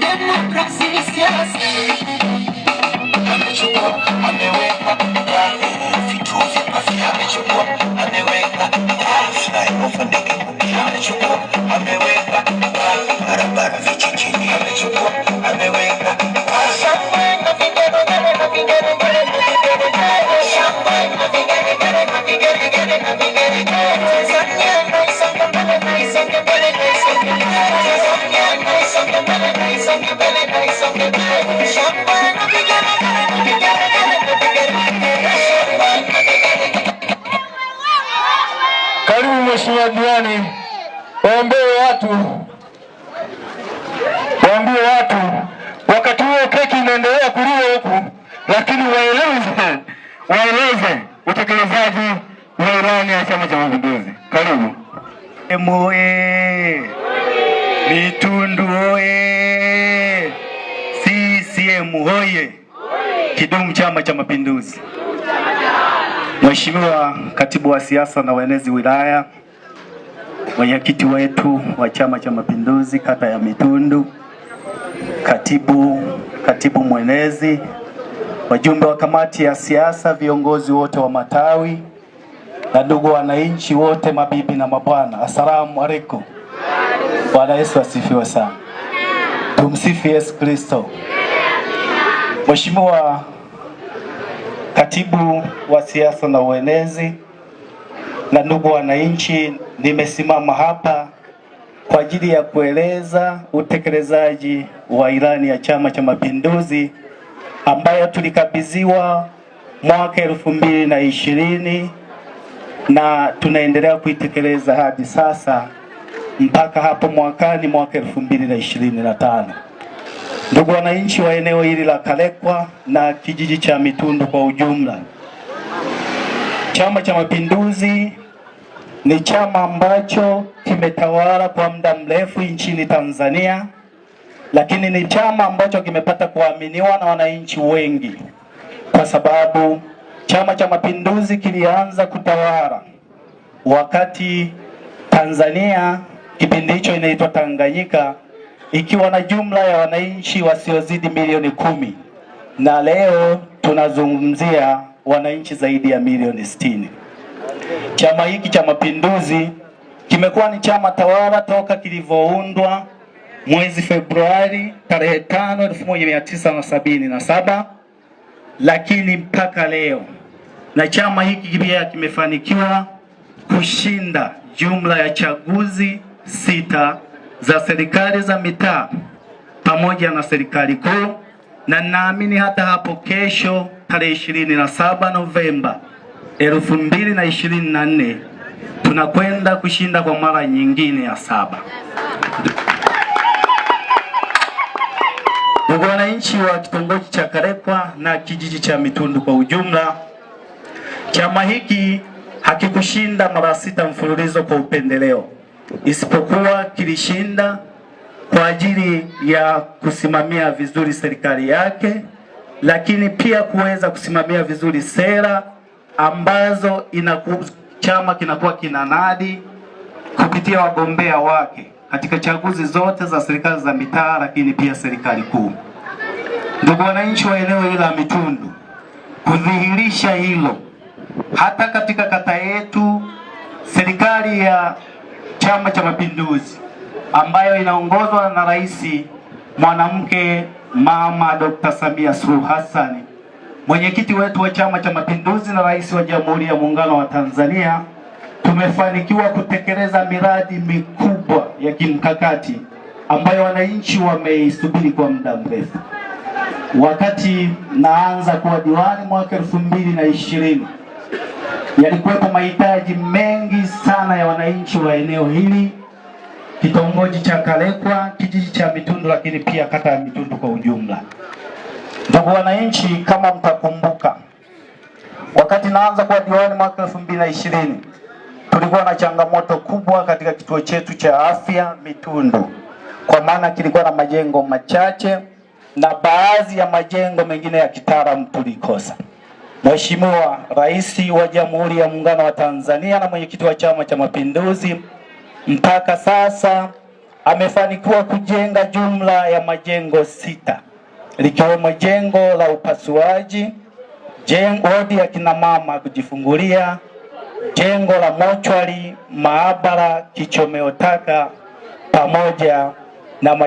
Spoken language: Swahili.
Democracy is yours. I'm a chua, I'm a way. Karibu mheshimiwa diwani, waombee watu, waambie watu, wakati huo keki inaendelea kuliwa huku, lakini waeleze, waeleze utekelezaji wa ilani ya Chama cha Mapinduzi. Karibu. Moye Mitundu oye! CCM hoye! Kidumu Chama cha Mapinduzi! Mheshimiwa Katibu wa Siasa na Uenezi Wilaya, mwenyekiti wetu wa Chama cha Mapinduzi kata ya Mitundu, katibu, katibu mwenezi, wajumbe wa kamati ya siasa, viongozi wote wa matawi na ndugu wananchi wote, mabibi na mabwana, asalamu alaikum. Bwana Yesu asifiwe sana. Tumsifu Yesu Kristo. Mheshimiwa katibu wa siasa na uenezi, na ndugu wananchi, nimesimama hapa kwa ajili ya kueleza utekelezaji wa ilani ya Chama cha Mapinduzi ambayo tulikabidhiwa mwaka elfu mbili na ishirini na tunaendelea kuitekeleza hadi sasa mpaka hapo mwakani mwaka elfu mbili na ishirini na tano. Ndugu wananchi wa eneo hili la Kalekwa na kijiji cha Mitundu kwa ujumla, Chama cha Mapinduzi ni chama ambacho kimetawala kwa muda mrefu nchini Tanzania, lakini ni chama ambacho kimepata kuaminiwa na wananchi wengi, kwa sababu Chama cha Mapinduzi kilianza kutawala wakati Tanzania kipindi hicho inaitwa Tanganyika ikiwa na jumla ya wananchi wasiozidi milioni kumi na leo tunazungumzia wananchi zaidi ya milioni sitini. Chama hiki cha Mapinduzi kimekuwa ni chama tawala toka kilivyoundwa mwezi Februari tarehe 5 1977, lakini mpaka leo, na chama hiki pia kimefanikiwa kushinda jumla ya chaguzi sita za serikali za mitaa pamoja na serikali kuu, na naamini hata hapo kesho tarehe saba Novemba elfu na nne tunakwenda kushinda kwa mara nyingine ya saba. Ndugu wananchi wa kitongoji cha Karekwa na kijiji cha Mitundu kwa ujumla, chama hiki hakikushinda mara sita mfululizo kwa upendeleo isipokuwa kilishinda kwa ajili ya kusimamia vizuri serikali yake, lakini pia kuweza kusimamia vizuri sera ambazo inaku, chama kinakuwa kinanadi kupitia wagombea wake katika chaguzi zote za serikali za mitaa, lakini pia serikali kuu. Ndugu wananchi wa eneo hili la Mitundu, kudhihirisha hilo hata katika kata yetu serikali ya Chama cha Mapinduzi ambayo inaongozwa na rais mwanamke Mama Dr. Samia Suluhu Hassan, mwenyekiti wetu wa Chama cha Mapinduzi na rais wa Jamhuri ya Muungano wa Tanzania, tumefanikiwa kutekeleza miradi mikubwa ya kimkakati ambayo wananchi wameisubiri kwa muda mrefu. Wakati naanza kuwa diwani mwaka elfu mbili na ishirini yalikuwepo mahitaji mengi sana ya wananchi wa eneo hili, kitongoji cha Kalekwa, kijiji cha Mitundu, lakini pia kata ya Mitundu kwa ujumla. Ndugu wananchi, kama mtakumbuka, wakati naanza kuwa diwani mwaka elfu mbili na ishirini tulikuwa na changamoto kubwa katika kituo chetu cha afya Mitundu, kwa maana kilikuwa na majengo machache na baadhi ya majengo mengine ya kitaalamu tulikosa. Mheshimiwa Rais wa Jamhuri ya Muungano wa Tanzania na mwenyekiti wa Chama cha Mapinduzi mpaka sasa amefanikiwa kujenga jumla ya majengo sita likiwemo jengo la upasuaji, jengo wodi ya kina mama kujifungulia, jengo la mochwari, maabara, kichomeo taka pamoja na